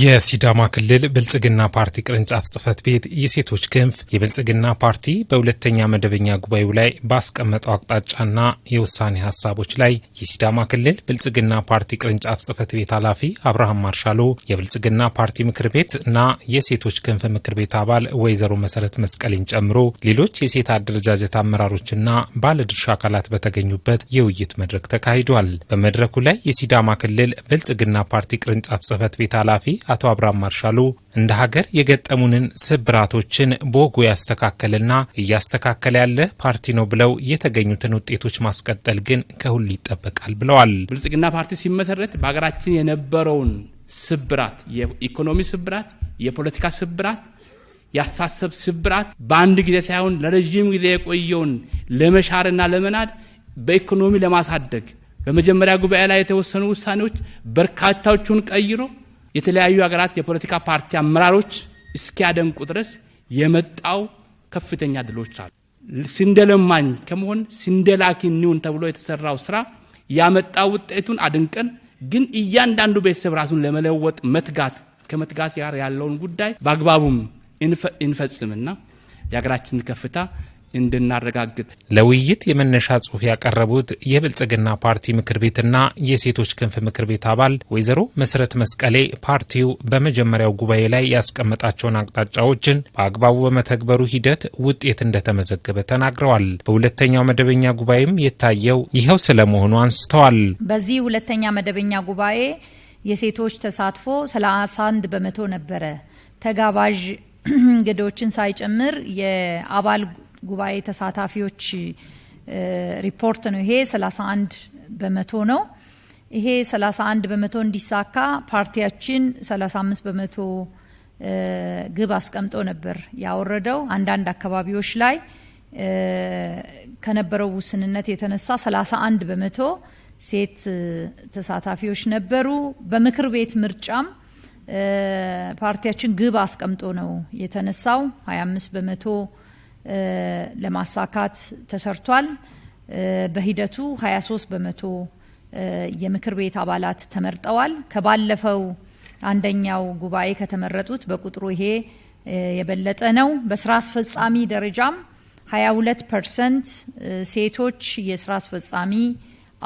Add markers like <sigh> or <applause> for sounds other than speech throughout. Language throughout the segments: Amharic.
የሲዳማ ክልል ብልጽግና ፓርቲ ቅርንጫፍ ጽህፈት ቤት የሴቶች ክንፍ የብልጽግና ፓርቲ በሁለተኛ መደበኛ ጉባኤው ላይ ባስቀመጠው አቅጣጫና የውሳኔ ሀሳቦች ላይ የሲዳማ ክልል ብልጽግና ፓርቲ ቅርንጫፍ ጽህፈት ቤት ኃላፊ አብርሃም ማርሻሎ፣ የብልጽግና ፓርቲ ምክር ቤት እና የሴቶች ክንፍ ምክር ቤት አባል ወይዘሮ መሰረት መስቀልን ጨምሮ ሌሎች የሴት አደረጃጀት አመራሮችና ባለድርሻ አካላት በተገኙበት የውይይት መድረክ ተካሂዷል። በመድረኩ ላይ የሲዳማ ክልል ብልጽግና ፓርቲ ቅርንጫፍ ጽህፈት ቤት ኃላፊ አቶ አብርሃም ማርሻሉ እንደ ሀገር የገጠሙንን ስብራቶችን በወጉ ያስተካከልና እያስተካከለ ያለ ፓርቲ ነው ብለው የተገኙትን ውጤቶች ማስቀጠል ግን ከሁሉ ይጠበቃል ብለዋል። ብልጽግና ፓርቲ ሲመሰረት በሀገራችን የነበረውን ስብራት፣ የኢኮኖሚ ስብራት፣ የፖለቲካ ስብራት ያሳሰብ ስብራት በአንድ ጊዜ ሳይሆን ለረዥም ጊዜ የቆየውን ለመሻርና ለመናድ በኢኮኖሚ ለማሳደግ በመጀመሪያ ጉባኤ ላይ የተወሰኑ ውሳኔዎች በርካታዎቹን ቀይሮ የተለያዩ ሀገራት የፖለቲካ ፓርቲ አመራሮች እስኪያደንቁ ድረስ የመጣው ከፍተኛ ድሎች አሉ። ሲንደለማኝ ከመሆን ስንዴ እንሁን ተብሎ የተሰራው ስራ ያመጣው ውጤቱን አድንቀን፣ ግን እያንዳንዱ ቤተሰብ ራሱን ለመለወጥ መትጋት ከመትጋት ጋር ያለውን ጉዳይ በአግባቡም እንፈጽምና የሀገራችንን ከፍታ እንድናረጋግጥ ለውይይት የመነሻ ጽሑፍ ያቀረቡት የብልጽግና ፓርቲ ምክር ቤትና የሴቶች ክንፍ ምክር ቤት አባል ወይዘሮ መሰረት መስቀሌ ፓርቲው በመጀመሪያው ጉባኤ ላይ ያስቀመጣቸውን አቅጣጫዎችን በአግባቡ በመተግበሩ ሂደት ውጤት እንደተመዘገበ ተናግረዋል። በሁለተኛው መደበኛ ጉባኤም የታየው ይኸው ስለመሆኑ አንስተዋል። በዚህ ሁለተኛ መደበኛ ጉባኤ የሴቶች ተሳትፎ ሰላሳ አንድ በመቶ ነበረ ተጋባዥ <clears throat> እንግዶችን ሳይጨምር የአባል ጉባኤ ተሳታፊዎች ሪፖርት ነው ይሄ 31 በመቶ ነው። ይሄ 31 በመቶ እንዲሳካ ፓርቲያችን 35 በመቶ ግብ አስቀምጦ ነበር ያወረደው። አንዳንድ አካባቢዎች ላይ ከነበረው ውስንነት የተነሳ 31 በመቶ ሴት ተሳታፊዎች ነበሩ። በምክር ቤት ምርጫም ፓርቲያችን ግብ አስቀምጦ ነው የተነሳው 25 በመቶ ለማሳካት ተሰርቷል። በሂደቱ 23 በመቶ የምክር ቤት አባላት ተመርጠዋል። ከባለፈው አንደኛው ጉባኤ ከተመረጡት በቁጥሩ ይሄ የበለጠ ነው። በስራ አስፈጻሚ ደረጃም 22 ፐርሰንት ሴቶች የስራ አስፈጻሚ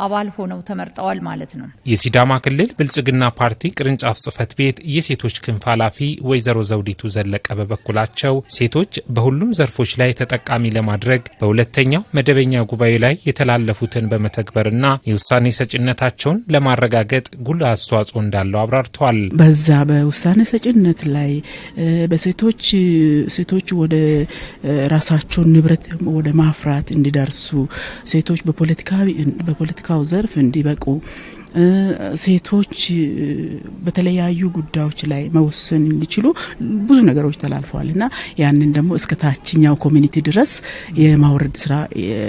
አባል ሆነው ተመርጠዋል ማለት ነው። የሲዳማ ክልል ብልጽግና ፓርቲ ቅርንጫፍ ጽህፈት ቤት የሴቶች ክንፍ ኃላፊ ወይዘሮ ዘውዲቱ ዘለቀ በበኩላቸው ሴቶች በሁሉም ዘርፎች ላይ ተጠቃሚ ለማድረግ በሁለተኛው መደበኛ ጉባኤ ላይ የተላለፉትን በመተግበርና የውሳኔ ሰጭነታቸውን ለማረጋገጥ ጉልህ አስተዋጽኦ እንዳለው አብራርተዋል። በዛ በውሳኔ ሰጭነት ላይ በሴቶች ሴቶች ወደ ራሳቸውን ንብረት ወደ ማፍራት እንዲደርሱ ሴቶች በፖለቲካዊ የፖለቲካው ዘርፍ እንዲበቁ ሴቶች በተለያዩ ጉዳዮች ላይ መወሰን እንዲችሉ ብዙ ነገሮች ተላልፈዋል እና ያንን ደግሞ እስከ ታችኛው ኮሚኒቲ ድረስ የማውረድ ስራ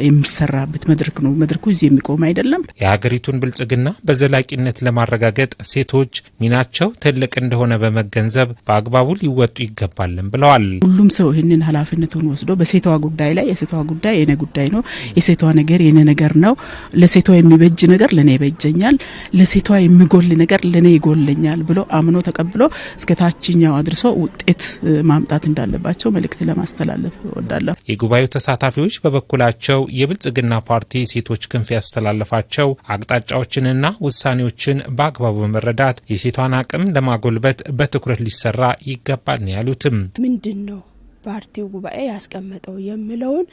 የሚሰራበት መድረክ ነው። መድረኩ እዚህ የሚቆም አይደለም። የሀገሪቱን ብልጽግና በዘላቂነት ለማረጋገጥ ሴቶች ሚናቸው ትልቅ እንደሆነ በመገንዘብ በአግባቡ ሊወጡ ይገባልን ብለዋል። ሁሉም ሰው ይህንን ኃላፊነቱን ወስዶ በሴቷ ጉዳይ ላይ የሴቷ ጉዳይ የኔ ጉዳይ ነው፣ የሴቷ ነገር የኔ ነገር ነው፣ ለሴቷ የሚበጅ ነገር ለእኔ ይበጀኛል ለሴቷ የሚጎል ነገር ለእኔ ይጎለኛል ብሎ አምኖ ተቀብሎ እስከ ታችኛው አድርሶ ውጤት ማምጣት እንዳለባቸው መልእክት ለማስተላለፍ እወዳለሁ። የጉባኤው ተሳታፊዎች በበኩላቸው የብልጽግና ፓርቲ ሴቶች ክንፍ ያስተላለፋቸው አቅጣጫዎችንና ውሳኔዎችን በአግባቡ በመረዳት የሴቷን አቅም ለማጎልበት በትኩረት ሊሰራ ይገባል ነው ያሉትም። ምንድን ነው ፓርቲው ጉባኤ ያስቀመጠው የሚለውን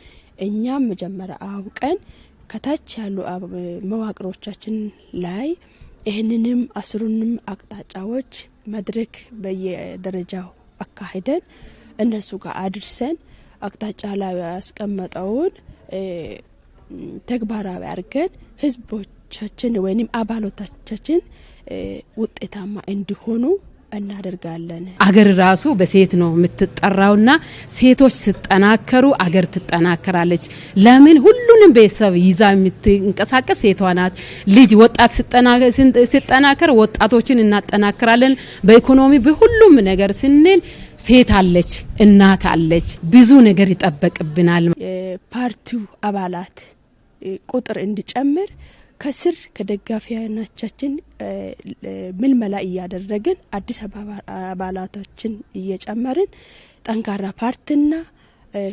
እኛም መጀመሪያ አውቀን ከታች ያሉ መዋቅሮቻችን ላይ ይህንንም አስሩንም አቅጣጫዎች መድረክ በየደረጃው አካሂደን እነሱ ጋር አድርሰን አቅጣጫ ላይ ያስቀመጠውን ተግባራዊ አድርገን ህዝቦቻችን ወይም አባሎታቻችን ውጤታማ እንዲሆኑ እናደርጋለን። አገር ራሱ በሴት ነው የምትጠራውና ሴቶች ስጠናከሩ አገር ትጠናከራለች። ለምን ሁሉንም ቤተሰብ ይዛ የምትንቀሳቀስ ሴቷ ናት። ልጅ ወጣት ስጠናከር ወጣቶችን እናጠናክራለን። በኢኮኖሚ በሁሉም ነገር ስንል ሴት አለች፣ እናት አለች። ብዙ ነገር ይጠበቅብናል። የፓርቲው አባላት ቁጥር እንዲጨምር ከስር ከደጋፊያናቻችን ምልመላ እያደረግን አዲስ አባላቶችን እየጨመርን ጠንካራ ፓርቲና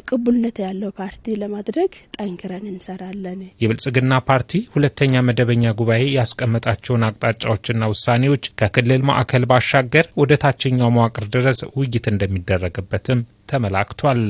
ቅቡልነት ያለው ፓርቲ ለማድረግ ጠንክረን እንሰራለን። የብልጽግና ፓርቲ ሁለተኛ መደበኛ ጉባኤ ያስቀመጣቸውን አቅጣጫዎችና ውሳኔዎች ከክልል ማዕከል ባሻገር ወደ ታችኛው መዋቅር ድረስ ውይይት እንደሚደረግበትም ተመላክቷል።